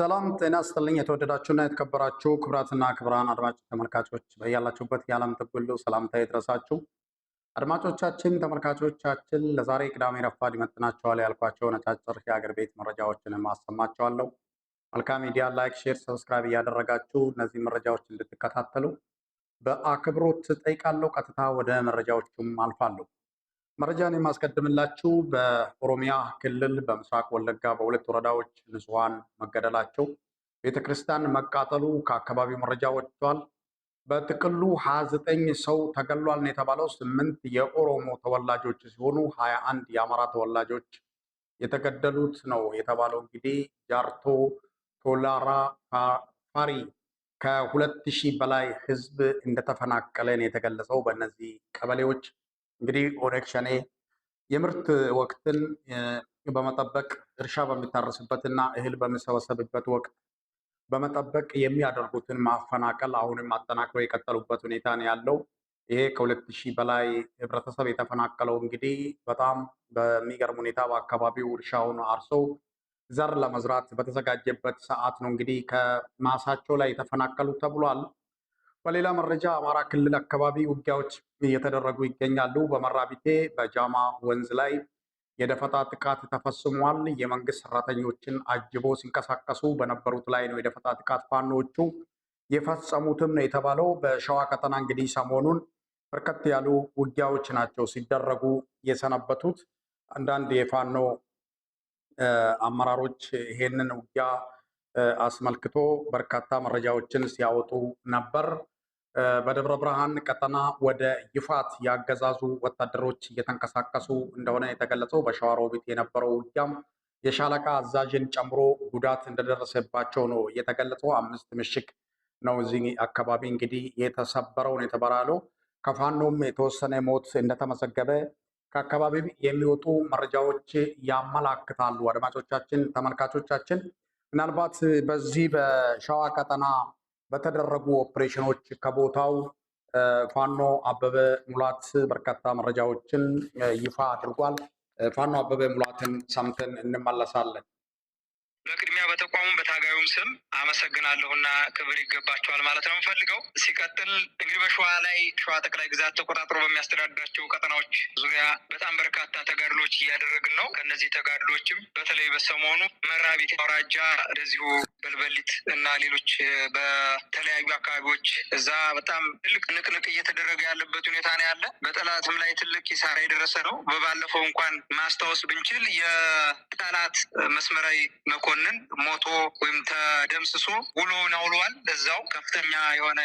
ሰላም ጤና ስጥልኝ። የተወደዳችሁና የተከበራችሁ ክብራትና ክብራን አድማጭ ተመልካቾች በያላችሁበት የዓለም ጥግ ሁሉ ሰላምታ ይድረሳችሁ። አድማጮቻችን፣ ተመልካቾቻችን ለዛሬ ቅዳሜ ረፋድ ይመጥናቸዋል ያልኳቸው ነጫጭር የአገር ቤት መረጃዎችን ማሰማችኋለሁ። መልካም ሚዲያ ላይክ፣ ሼር፣ ሰብስክራይብ እያደረጋችሁ እነዚህ መረጃዎች እንድትከታተሉ በአክብሮት ጠይቃለሁ። ቀጥታ ወደ መረጃዎቹም አልፋለሁ። መረጃን የማስቀድምላችሁ በኦሮሚያ ክልል በምስራቅ ወለጋ በሁለት ወረዳዎች ንጹሐን መገደላቸው፣ ቤተክርስቲያን መቃጠሉ ከአካባቢው መረጃ ወጥቷል። በጥቅሉ ሀያ ዘጠኝ ሰው ተገሏል ነው የተባለው። ስምንት የኦሮሞ ተወላጆች ሲሆኑ ሀያ አንድ የአማራ ተወላጆች የተገደሉት ነው የተባለው። እንግዲህ ጃርቶ ቶላራ ፋሪ ከሁለት ሺህ በላይ ህዝብ እንደተፈናቀለ ነው የተገለጸው በእነዚህ ቀበሌዎች እንግዲህ ኦነግ ሸኔ የምርት ወቅትን በመጠበቅ እርሻ በሚታረስበትና እህል በሚሰበሰብበት ወቅት በመጠበቅ የሚያደርጉትን ማፈናቀል አሁንም አጠናክረው የቀጠሉበት ሁኔታ ነው ያለው። ይሄ ከሁለት ሺህ በላይ ህብረተሰብ የተፈናቀለው እንግዲህ በጣም በሚገርም ሁኔታ በአካባቢው እርሻውን አርሶ ዘር ለመዝራት በተዘጋጀበት ሰዓት ነው እንግዲህ ከማሳቸው ላይ የተፈናቀሉ ተብሏል። በሌላ መረጃ አማራ ክልል አካባቢ ውጊያዎች እየተደረጉ ይገኛሉ። በመራቢቴ በጃማ ወንዝ ላይ የደፈጣ ጥቃት ተፈጽሟል። የመንግስት ሰራተኞችን አጅቦ ሲንቀሳቀሱ በነበሩት ላይ ነው የደፈጣ ጥቃት ፋኖቹ የፈጸሙትም ነው የተባለው። በሸዋ ቀጠና እንግዲህ ሰሞኑን በርከት ያሉ ውጊያዎች ናቸው ሲደረጉ የሰነበቱት። አንዳንድ የፋኖ አመራሮች ይሄንን ውጊያ አስመልክቶ በርካታ መረጃዎችን ሲያወጡ ነበር። በደብረ ብርሃን ቀጠና ወደ ይፋት ያገዛዙ ወታደሮች እየተንቀሳቀሱ እንደሆነ የተገለጸው በሸዋሮቢት የነበረው ውጊያም የሻለቃ አዛዥን ጨምሮ ጉዳት እንደደረሰባቸው ነው የተገለጸው። አምስት ምሽግ ነው እዚህ አካባቢ እንግዲህ የተሰበረው ነው የተበራለው። ከፋኖም የተወሰነ ሞት እንደተመዘገበ ከአካባቢ የሚወጡ መረጃዎች ያመላክታሉ። አድማጮቻችን፣ ተመልካቾቻችን ምናልባት በዚህ በሸዋ ቀጠና በተደረጉ ኦፕሬሽኖች ከቦታው ፋኖ አበበ ሙላት በርካታ መረጃዎችን ይፋ አድርጓል። ፋኖ አበበ ሙላትን ሰምተን እንመለሳለን። በቅድሚያ በተቋሙም በታጋዩም ስም አመሰግናለሁና ክብር ይገባቸዋል ማለት ነው የምፈልገው። ሲቀጥል እንግዲህ በሸዋ ላይ ሸዋ ጠቅላይ ግዛት ተቆጣጥሮ በሚያስተዳድራቸው ቀጠናዎች ዙሪያ በጣም በርካታ ተጋድሎች እያደረግን ነው። ከእነዚህ ተጋድሎችም በተለይ በሰሞኑ መራቢት አውራጃ እንደዚሁ በልበሊት እና ሌሎች በተለያዩ አካባቢዎች እዛ በጣም ትልቅ ንቅንቅ እየተደረገ ያለበት ሁኔታ ነው ያለ። በጠላትም ላይ ትልቅ ኪሳራ የደረሰ ነው። በባለፈው እንኳን ማስታወስ ብንችል የጠላት መስመራዊ መኮ መኮንን ሞቶ ወይም ተደምስሶ ውሎውን አውሏል። እዛው ከፍተኛ የሆነ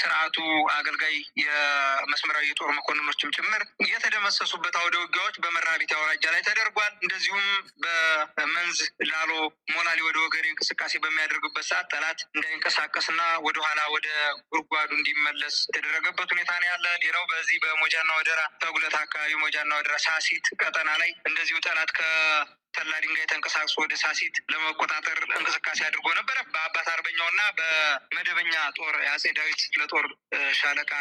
ስርዓቱ አገልጋይ የመስመራዊ የጦር መኮንኖችም ጭምር የተደመሰሱበት አውደ ውጊያዎች በመራቢት አውራጃ ላይ ተደርጓል። እንደዚሁም በመንዝ ላሎ ሞላሌ ወደ ወገሬ እንቅስቃሴ በሚያደርግበት ሰዓት ጠላት እንዳይንቀሳቀስና ወደኋላ ወደ ጉርጓዱ እንዲመለስ የተደረገበት ሁኔታ ነው ያለ። ሌላው በዚህ በሞጃና ወደራ ተጉለት አካባቢ ሞጃና ወደራ ሳሲት ቀጠና ላይ እንደዚሁ ጠላት ተላ ድንጋይ ተንቀሳቅሶ ወደ ሳሲት ለመቆጣጠር እንቅስቃሴ አድርጎ ነበረ። በአባት አርበኛው እና በመደበኛ ጦር የአጼ ዳዊት ለጦር ሻለቃ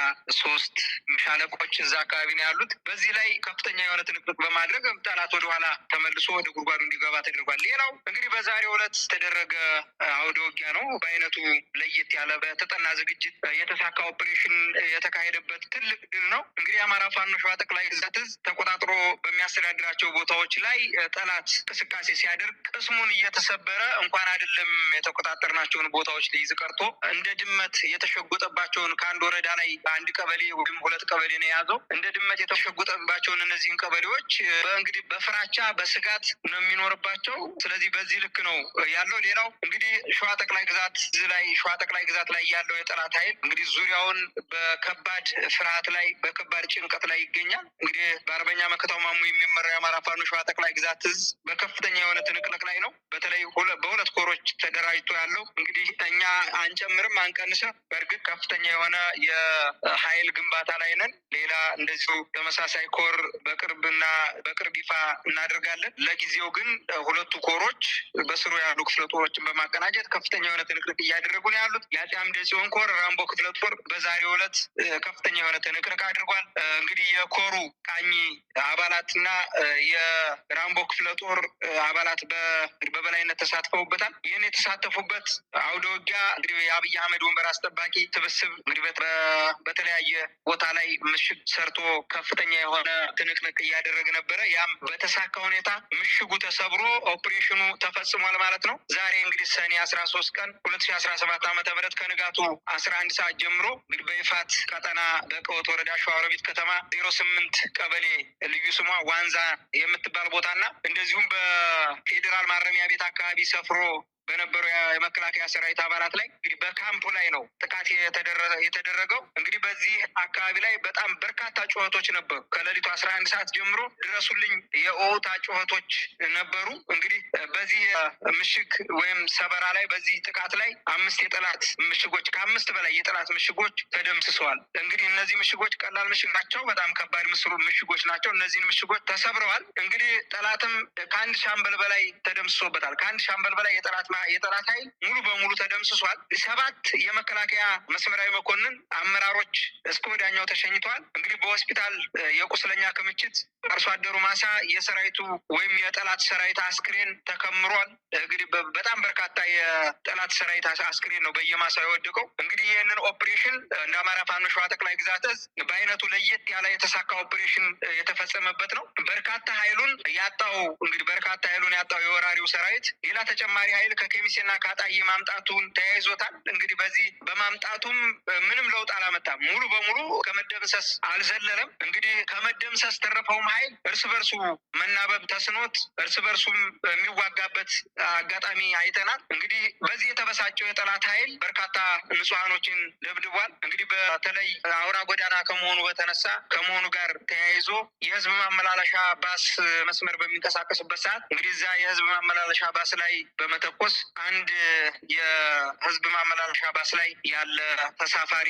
ሶስት ሻለቆች እዛ አካባቢ ነው ያሉት። በዚህ ላይ ከፍተኛ የሆነ ትንቅንቅ በማድረግ ጠላት ወደኋላ ተመልሶ ወደ ጉድጓዱ እንዲገባ ተደርጓል። ሌላው እንግዲህ በዛሬው ዕለት ተደረገ አውደ ውጊያ ነው። በአይነቱ ለየት ያለ በተጠና ዝግጅት የተሳካ ኦፕሬሽን የተካሄደበት ትልቅ ድል ነው። እንግዲህ የአማራ ፋኖ ሸዋ ጠቅላይ ግዛት ተቆጣጥሮ በሚያስተዳድራቸው ቦታዎች ላይ ጠላት እንቅስቃሴ ሲያደርግ ቅስሙን እየተሰበረ እንኳን አይደለም የተቆጣጠርናቸውን ቦታዎች ሊይዝ ቀርቶ እንደ ድመት የተሸጎጠባቸውን ከአንድ ወረዳ ላይ አንድ ቀበሌ ወይም ሁለት ቀበሌ ነው የያዘው። እንደ ድመት የተሸጎጠባቸውን እነዚህን ቀበሌዎች እንግዲህ በፍራቻ በስጋት ነው የሚኖርባቸው። ስለዚህ በዚህ ልክ ነው ያለው። ሌላው እንግዲህ ሸዋ ጠቅላይ ግዛት ላይ ሸዋ ጠቅላይ ግዛት ላይ ያለው የጠላት ኃይል እንግዲህ ዙሪያውን በከባድ ፍርሃት ላይ በከባድ ጭንቀት ላይ ይገኛል። እንግዲህ በአርበኛ መከታው ማሙ የሚመራው የአማራ ፋኖ ሸዋ ጠቅላይ ግዛት እዝ በከፍተኛ የሆነ ትንቅንቅ ላይ ነው። በተለይ በሁለት ኮሮች ተደራጅቶ ያለው እንግዲህ እኛ አንጨምርም አንቀንስም። በእርግጥ ከፍተኛ የሆነ የሀይል ግንባታ ላይ ነን። ሌላ እንደዚሁ ተመሳሳይ ኮር በቅርብ በቅርብ ይፋ እናደርጋለን። ለጊዜው ግን ሁለቱ ኮሮች በስሩ ያሉ ክፍለ ጦሮችን በማቀናጀት ከፍተኛ የሆነ ትንቅንቅ እያደረጉ ነው ያሉት። የአፄ አምደ ኮር ራምቦ ክፍለ ጦር በዛሬው ዕለት ከፍተኛ የሆነ ትንቅንቅ አድርጓል። እንግዲህ የኮሩ ቃኝ አባላትና የራምቦ ክፍለ ጦር የጦር አባላት በበላይነት ተሳትፈውበታል። ይህን የተሳተፉበት አውደ ውጊያ እንግዲህ የአብይ አህመድ ወንበር አስጠባቂ ስብስብ እንግዲህ በተለያየ ቦታ ላይ ምሽግ ሰርቶ ከፍተኛ የሆነ ትንቅንቅ እያደረገ ነበረ። ያም በተሳካ ሁኔታ ምሽጉ ተሰብሮ ኦፕሬሽኑ ተፈጽሟል ማለት ነው። ዛሬ እንግዲህ ሰኔ አስራ ሶስት ቀን ሁለት ሺ አስራ ሰባት ዓመተ ምህረት ከንጋቱ አስራ አንድ ሰዓት ጀምሮ እንግዲህ በይፋት ቀጠና በቀወት ወረዳ ሸዋሮቢት ከተማ ዜሮ ስምንት ቀበሌ ልዩ ስሟ ዋንዛ የምትባል ቦታና እንደዚሁም በፌዴራል ማረሚያ ቤት አካባቢ ሰፍሮ በነበሩ የመከላከያ ሰራዊት አባላት ላይ እንግዲህ በካምፑ ላይ ነው ጥቃት የተደረገው። እንግዲህ በዚህ አካባቢ ላይ በጣም በርካታ ጩኸቶች ነበሩ። ከሌሊቱ አስራ አንድ ሰዓት ጀምሮ ድረሱልኝ የኦታ ጩኸቶች ነበሩ። እንግዲህ በዚህ ምሽግ ወይም ሰበራ ላይ በዚህ ጥቃት ላይ አምስት የጠላት ምሽጎች ከአምስት በላይ የጠላት ምሽጎች ተደምስሰዋል። እንግዲህ እነዚህ ምሽጎች ቀላል ምሽግ ናቸው፣ በጣም ከባድ ምስሩ ምሽጎች ናቸው። እነዚህን ምሽጎች ተሰብረዋል። እንግዲህ ጠላትም ከአንድ ሻምበል በላይ ተደምስሶበታል። ከአንድ ሻምበል በላይ የጠላት የጠላት ኃይል ሙሉ በሙሉ ተደምስሷል። ሰባት የመከላከያ መስመራዊ መኮንን አመራሮች እስከ ወዳኛው ተሸኝተዋል። እንግዲህ በሆስፒታል የቁስለኛ ክምችት፣ አርሶ አደሩ ማሳ የሰራዊቱ ወይም የጠላት ሰራዊት አስክሬን ተከምሯል። እንግዲህ በጣም በርካታ የጠላት ሰራዊት አስክሬን ነው በየማሳው የወደቀው። እንግዲህ ይህንን ኦፕሬሽን እንደ አማራ ፋኖ ሸዋ ጠቅላይ ግዛት እዝ በአይነቱ ለየት ያለ የተሳካ ኦፕሬሽን የተፈጸመበት ነው። በርካታ ኃይሉን ያጣው እንግዲህ በርካታ ኃይሉን ያጣው የወራሪው ሰራዊት ሌላ ተጨማሪ ኃይል ከከሚሴና ከአጣዬ ማምጣቱን ተያይዞታል። እንግዲህ በዚህ በማምጣቱም ምንም ለውጥ አላመጣም። ሙሉ በሙሉ ከመደምሰስ አልዘለለም። እንግዲህ ከመደምሰስ ተረፈውም ኃይል እርስ በርሱ መናበብ ተስኖት እርስ በርሱም የሚዋጋበት አጋጣሚ አይተናል። እንግዲህ በዚህ የተበሳጨው የጠላት ኃይል በርካታ ንጹሐኖችን ደብድቧል። እንግዲህ በተለይ አውራ ጎዳና ከመሆኑ በተነሳ ከመሆኑ ጋር ተያይዞ የህዝብ ማመላለሻ ባስ መስመር በሚንቀሳቀሱበት ሰዓት እንግዲህ እዛ የህዝብ ማመላለሻ ባስ ላይ በመተኮስ ክርስቶስ አንድ የህዝብ ማመላለሻ ባስ ላይ ያለ ተሳፋሪ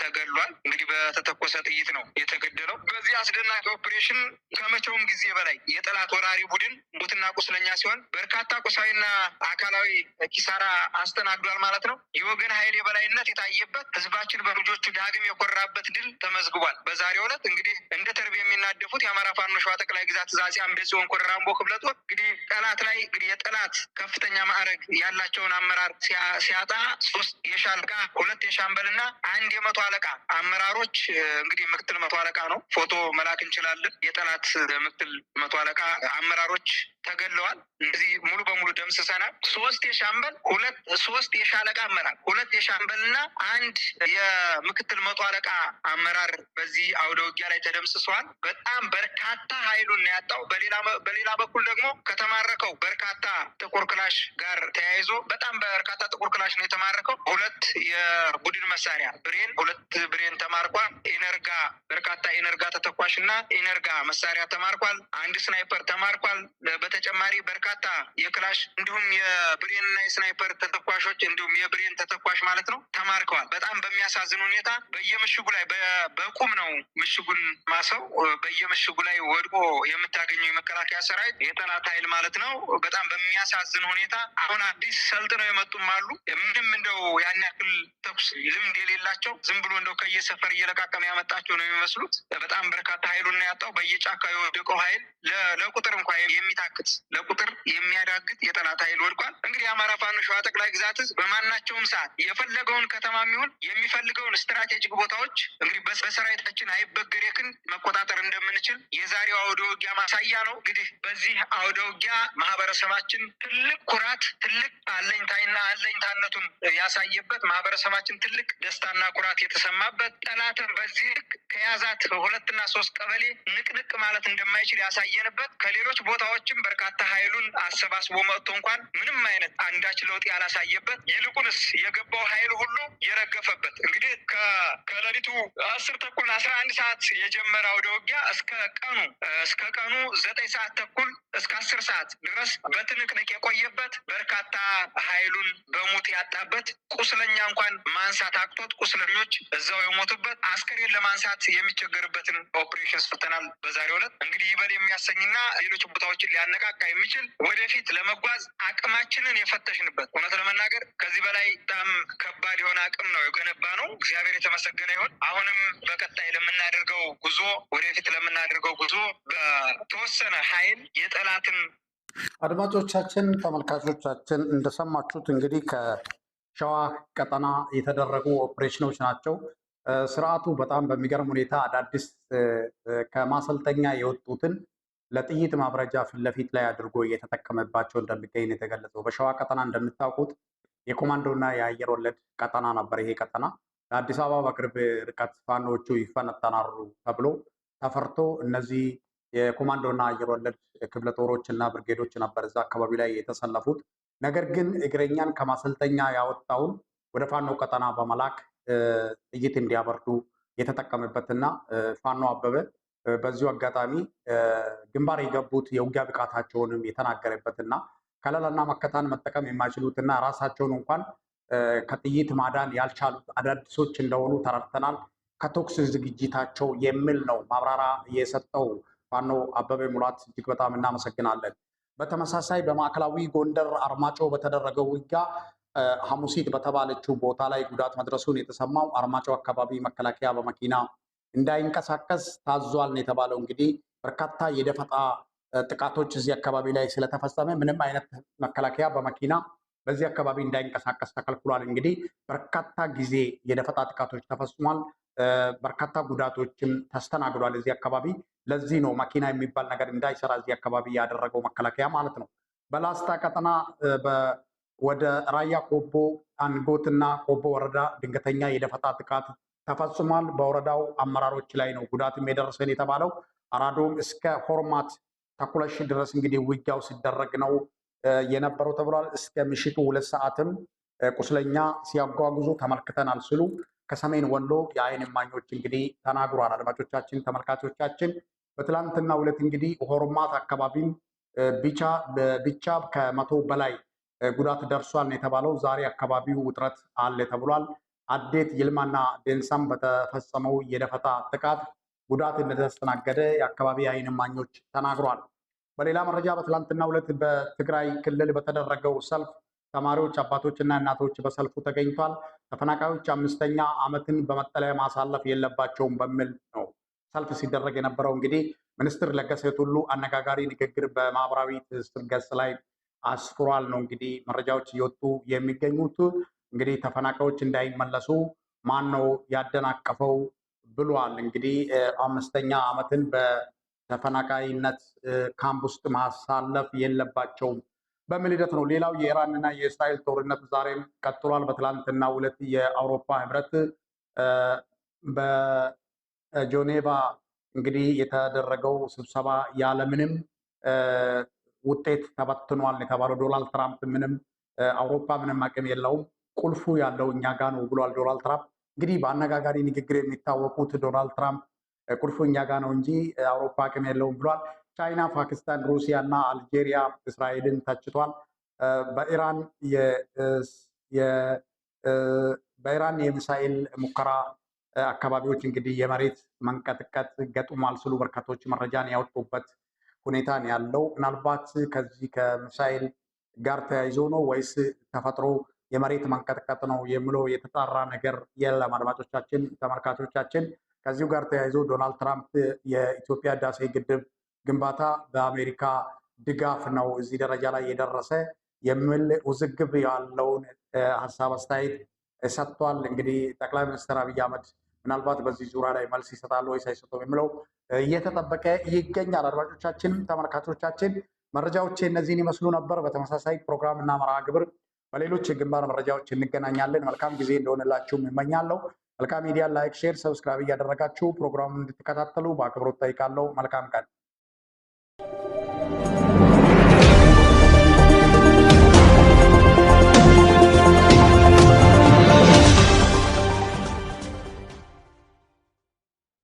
ተገሏል። እንግዲህ በተተኮሰ ጥይት ነው የተገደለው። በዚህ አስደናቂ ኦፕሬሽን ከመቼውም ጊዜ በላይ የጠላት ወራሪ ቡድን ሙትና ቁስለኛ ሲሆን በርካታ ቁሳዊና አካላዊ ኪሳራ አስተናግዷል ማለት ነው። የወገን ኃይል የበላይነት የታየበት ህዝባችን በልጆቹ ዳግም የኮራበት ድል ተመዝግቧል። በዛሬው ዕለት እንግዲህ እንደ ተርብ የሚናደፉት የአማራ ፋኖ ሸዋ ጠቅላይ ግዛት ዛጼ አምደ ጽዮን ኮረራምቦ ክፍለ ጦር እንግዲህ ጠላት ላይ እንግዲህ የጠላት ከፍተኛ ማዕረግ ያላቸውን አመራር ሲያጣ ሶስት የሻልቃ ሁለት የሻምበልና አንድ የመቶ አለቃ አመራሮች እንግዲህ ምክትል መቶ አለቃ ነው። ፎቶ መላክ እንችላለን። የጠላት ምክትል መቶ አለቃ አመራሮች ተገለዋል። እነዚህ ሙሉ በሙሉ ደምስሰናል። ሶስት የሻምበል ሁለት ሶስት የሻለቃ አመራር ሁለት የሻምበልና አንድ የምክትል መቶ አለቃ አመራር በዚህ አውደ ውጊያ ላይ ተደምስሰዋል። በጣም በርካታ ኃይሉን ያጣው። በሌላ በኩል ደግሞ ከተማረከው በርካታ ጥቁር ክላሽ ጋር ተያይዞ በጣም በርካታ ጥቁር ክላሽ ነው የተማረከው። ሁለት የቡድን መሳሪያ ብሬን፣ ሁለት ብሬን ተማርኳል። ኢነርጋ በርካታ ኢነርጋ ተተኳሽ እና ኢነርጋ መሳሪያ ተማርኳል። አንድ ስናይፐር ተማርኳል። በተጨማሪ በርካታ የክላሽ እንዲሁም የብሬን እና የስናይፐር ተተኳሾች እንዲሁም የብሬን ተተኳሽ ማለት ነው ተማርከዋል። በጣም በሚያሳዝን ሁኔታ በየምሽጉ ላይ በቁም ነው ምሽጉን ማሰው በየምሽጉ ላይ ወድቆ የምታገኘው የመከላከያ ሰራዊት የጠላት ኃይል ማለት ነው። በጣም በሚያሳዝን ሁኔታ አሁን አሁን አዲስ ሰልጥነው የመጡም አሉ። ምንም እንደው ያን ያክል ተኩስ ልምድ የሌላቸው ዝም ብሎ እንደው ከየሰፈር እየለቃቀመ ያመጣቸው ነው የሚመስሉት። በጣም በርካታ ኃይሉን ያጣው በየጫካ የወደቀው ኃይል ለቁጥር እንኳ የሚታክት ለቁጥር የሚያዳግት የጠላት ኃይል ወድቋል። እንግዲህ የአማራ ፋኖ ሸዋ ጠቅላይ ግዛት በማናቸውም ሰዓት የፈለገውን ከተማ የሚሆን የሚፈልገውን ስትራቴጂክ ቦታዎች እንግዲህ በሰራዊታችን አይበገሬክን መቆጣጠር እንደምንችል የዛሬው አውደ ውጊያ ማሳያ ነው። እንግዲህ በዚህ አውደ ውጊያ ማህበረሰባችን ትልቅ ኩራት ትልቅ አለኝታይና አለኝታነቱን ያሳየበት ማህበረሰባችን ትልቅ ደስታና ኩራት የተሰማበት ጠላትን በዚህ ከያዛት ሁለትና ሶስት ቀበሌ ንቅንቅ ማለት እንደማይችል ያሳየንበት ከሌሎች ቦታዎችም በርካታ ኃይሉን አሰባስቦ መጥቶ እንኳን ምንም አይነት አንዳች ለውጥ ያላሳየበት ይልቁንስ የገባው ኃይል ሁሉ የረገፈበት እንግዲህ ከሌሊቱ አስር ተኩል አስራ አንድ ሰዓት የጀመረ አውደ ውጊያ እስከ ቀኑ እስከ ቀኑ ዘጠኝ ሰዓት ተኩል እስከ አስር ሰዓት ድረስ በትንቅንቅ የቆየበት በርካ በርካታ ኃይሉን በሞት ያጣበት ቁስለኛ እንኳን ማንሳት አቅቶት ቁስለኞች እዛው የሞቱበት አስከሬን ለማንሳት የሚቸገርበትን ኦፕሬሽን ስፍተናል። በዛሬው ዕለት እንግዲህ ይበል የሚያሰኝና ሌሎች ቦታዎችን ሊያነቃቃ የሚችል ወደፊት ለመጓዝ አቅማችንን የፈተሽንበት እውነት ለመናገር ከዚህ በላይ በጣም ከባድ የሆነ አቅም ነው የገነባ ነው። እግዚአብሔር የተመሰገነ ይሁን። አሁንም በቀጣይ ለምናደርገው ጉዞ ወደፊት ለምናደርገው ጉዞ በተወሰነ ኃይል የጠላትን አድማጮቻችን ተመልካቾቻችን እንደሰማችሁት እንግዲህ ከሸዋ ቀጠና የተደረጉ ኦፕሬሽኖች ናቸው። ስርዓቱ በጣም በሚገርም ሁኔታ አዳዲስ ከማሰልጠኛ የወጡትን ለጥይት ማብረጃ ፊት ለፊት ላይ አድርጎ እየተጠቀመባቸው እንደሚገኝ ነው የተገለጸው። በሸዋ ቀጠና እንደምታውቁት የኮማንዶና የአየር ወለድ ቀጠና ነበር። ይሄ ቀጠና ለአዲስ አበባ በቅርብ ርቀት ፋኖቹ ይፈነጠናሉ ተብሎ ተፈርቶ እነዚህ የኮማንዶና አየር ወለድ ክፍለ ጦሮች እና ብርጌዶች ነበር እዛ አካባቢ ላይ የተሰለፉት። ነገር ግን እግረኛን ከማሰልጠኛ ያወጣውን ወደ ፋኖ ቀጠና በመላክ ጥይት እንዲያበርዱ የተጠቀመበትና ፋኖ አበበ በዚሁ አጋጣሚ ግንባር የገቡት የውጊያ ብቃታቸውንም የተናገረበትና ከለላና መከታን መጠቀም የማይችሉትና ራሳቸውን እንኳን ከጥይት ማዳን ያልቻሉት አዳዲሶች እንደሆኑ ተረድተናል፣ ከተኩስ ዝግጅታቸው የሚል ነው ማብራሪያ የሰጠው ፋኖ አበበ ሙላት እጅግ በጣም እናመሰግናለን። በተመሳሳይ በማዕከላዊ ጎንደር አርማጮ በተደረገው ውጊያ ሐሙሲት በተባለችው ቦታ ላይ ጉዳት መድረሱን የተሰማው አርማጮ አካባቢ መከላከያ በመኪና እንዳይንቀሳቀስ ታዟል ነው የተባለው። እንግዲህ በርካታ የደፈጣ ጥቃቶች እዚህ አካባቢ ላይ ስለተፈጸመ ምንም አይነት መከላከያ በመኪና በዚህ አካባቢ እንዳይንቀሳቀስ ተከልክሏል። እንግዲህ በርካታ ጊዜ የደፈጣ ጥቃቶች ተፈጽሟል። በርካታ ጉዳቶችም ተስተናግዷል እዚህ አካባቢ ለዚህ ነው መኪና የሚባል ነገር እንዳይሰራ እዚህ አካባቢ ያደረገው መከላከያ ማለት ነው። በላስታ ቀጠና ወደ ራያ ቆቦ አንጎትና ቆቦ ወረዳ ድንገተኛ የደፈጣ ጥቃት ተፈጽሟል። በወረዳው አመራሮች ላይ ነው ጉዳትም የደረሰን የተባለው። አራዶም እስከ ሆርማት ተኩለሽ ድረስ እንግዲህ ውጊያው ሲደረግ ነው የነበረው ተብሏል። እስከ ምሽቱ ሁለት ሰዓትም ቁስለኛ ሲያጓጉዙ ተመልክተናል ሲሉ ከሰሜን ወሎ የአይን እማኞች እንግዲህ ተናግሯል። አድማጮቻችን፣ ተመልካቾቻችን በትላንትና ሁለት እንግዲህ ሆርማት አካባቢም ብቻ ብቻ ከመቶ በላይ ጉዳት ደርሷል ነው የተባለው። ዛሬ አካባቢው ውጥረት አለ ተብሏል። አዴት ይልማና ዴንሳም በተፈጸመው የደፈጣ ጥቃት ጉዳት እንደተስተናገደ የአካባቢ የዓይን እማኞች ተናግሯል። በሌላ መረጃ በትላንትና ሁለት በትግራይ ክልል በተደረገው ሰልፍ ተማሪዎች፣ አባቶችና እናቶች በሰልፉ ተገኝቷል። ተፈናቃዮች አምስተኛ ዓመትን በመጠለያ ማሳለፍ የለባቸውም በሚል ነው ሰልፍ ሲደረግ የነበረው እንግዲህ ሚኒስትር ለገሰ ቱሉ አነጋጋሪ ንግግር በማህበራዊ ትስስር ገጽ ላይ አስፍሯል ነው እንግዲህ መረጃዎች እየወጡ የሚገኙት። እንግዲህ ተፈናቃዮች እንዳይመለሱ ማን ነው ያደናቀፈው ብሏል። እንግዲህ አምስተኛ ዓመትን በተፈናቃይነት ካምፕ ውስጥ ማሳለፍ የለባቸውም በሚል ሂደት ነው። ሌላው የኢራንና የእስራኤል ጦርነት ዛሬም ቀጥሏል። በትላንትና ሁለት የአውሮፓ ህብረት ጆኔቫ እንግዲህ የተደረገው ስብሰባ ያለምንም ውጤት ተበትኗል የተባለው ዶናልድ ትራምፕ ምንም አውሮፓ ምንም አቅም የለውም ቁልፉ ያለው እኛ ጋ ነው ብሏል ዶናልድ ትራምፕ። እንግዲህ በአነጋጋሪ ንግግር የሚታወቁት ዶናልድ ትራምፕ ቁልፉ እኛ ጋ ነው እንጂ አውሮፓ አቅም የለውም ብሏል። ቻይና፣ ፓኪስታን፣ ሩሲያ እና አልጄሪያ እስራኤልን ተችቷል። በኢራን በኢራን የሚሳኤል ሙከራ አካባቢዎች እንግዲህ የመሬት መንቀጥቀጥ ገጥሟል ስሉ በርካቶች መረጃን ያወጡበት ሁኔታ ነው ያለው። ምናልባት ከዚህ ከሚሳይል ጋር ተያይዞ ነው ወይስ ተፈጥሮ የመሬት መንቀጥቀጥ ነው የሚለው የተጣራ ነገር የለም። አድማጮቻችን፣ ተመልካቾቻችን ከዚሁ ጋር ተያይዞ ዶናልድ ትራምፕ የኢትዮጵያ ህዳሴ ግድብ ግንባታ በአሜሪካ ድጋፍ ነው እዚህ ደረጃ ላይ የደረሰ የሚል ውዝግብ ያለውን ሀሳብ አስተያየት ሰጥቷል። እንግዲህ ጠቅላይ ሚኒስትር አብይ አህመድ ምናልባት በዚህ ዙሪያ ላይ መልስ ይሰጣሉ ወይ ሳይሰጡም የሚለው እየተጠበቀ ይገኛል። አድማጮቻችን፣ ተመልካቾቻችን መረጃዎች እነዚህን ይመስሉ ነበር። በተመሳሳይ ፕሮግራም እና መርሃ ግብር በሌሎች የግንባር መረጃዎች እንገናኛለን። መልካም ጊዜ እንደሆነላችሁም ይመኛለሁ። መልካም ሚዲያ ላይክ፣ ሼር፣ ሰብስክራይብ እያደረጋችሁ ፕሮግራሙን እንድትከታተሉ በአክብሮት ጠይቃለሁ። መልካም ቀን